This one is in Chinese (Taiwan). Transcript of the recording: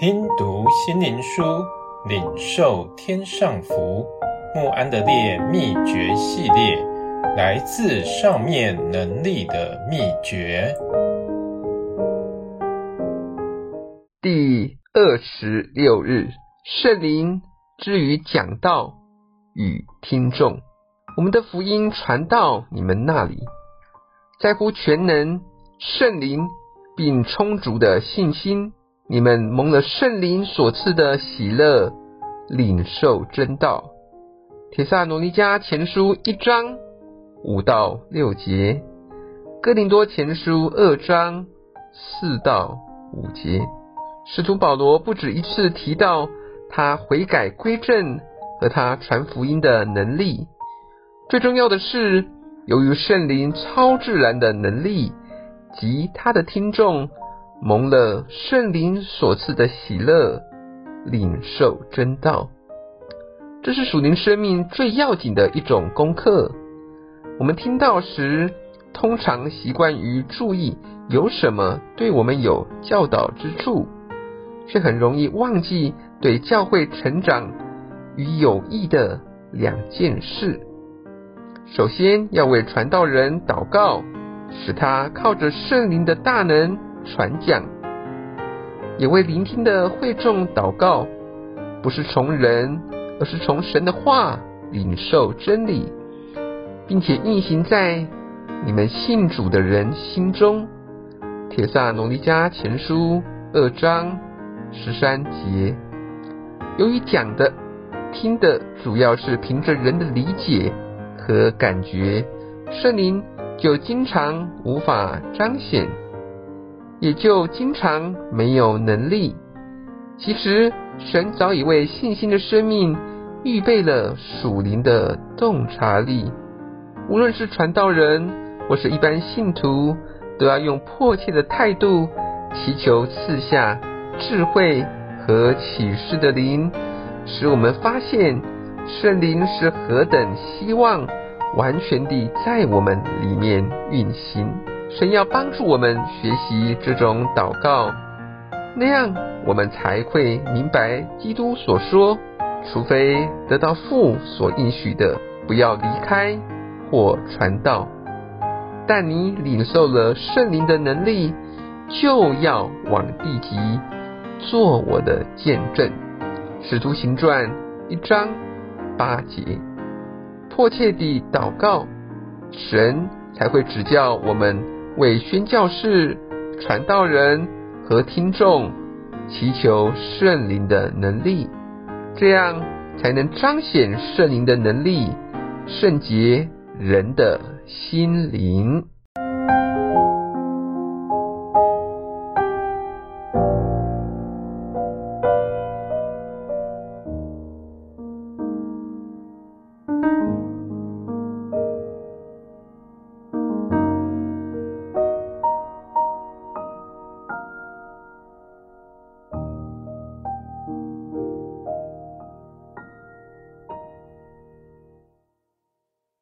聽讀心靈書，領受天上福。慕安德烈祕訣系列，來自上面能力的祕訣。第二十六日，聖靈之於講道與聽眾，我們的福音傳到你們那裡，在乎權能、聖靈，並充足的信心。你們蒙了聖靈所賜的喜樂，領受真道。帖撒羅尼迦前書一章五到六節，哥林多前書二章四到五節，使徒保羅不止一次提到他悔改歸正和他傳福音的能力。最重要的是，由於聖靈超自然的能力及他的聽眾。蒙了聖靈所賜的喜樂，領受真道，這是屬靈生命最要緊的一種功課。我們聽道時，通常習慣於注意有什麼對我們有教導之處，卻很容易忘記對教會成長與有益的兩件事。首先，要為傳道人禱告，使他靠着聖靈的大能。傳講，也為聆聽的會眾禱告，不是從人，而是從神的話領受真理，並且運行在你們信主的人心中。帖撒羅尼迦前書二章十三節。由於講的、聽的，主要是憑着人的理解和感覺，聖靈就經常無法彰顯。也就經常沒有能力。其實，神早已為信心的生命預備了屬靈的洞察力。無論是傳道人或是一般信徒，都要用迫切的態度祈求賜下智慧和啟示的靈，使我們發現聖靈是何等希望完全地在我們裡面運行。神要幫助我們學習這種禱告，那樣我們才會明白基督所說：“除非得到父所應許的，不要離開或傳道。但你領受了聖靈的能力，就要往地極做我的見證。”使徒行傳一章八節。迫切地禱告，神才會指教我們。為宣教士、傳道人和聽眾祈求聖靈的能力，這樣才能彰顯聖靈的能力，聖潔人的心靈。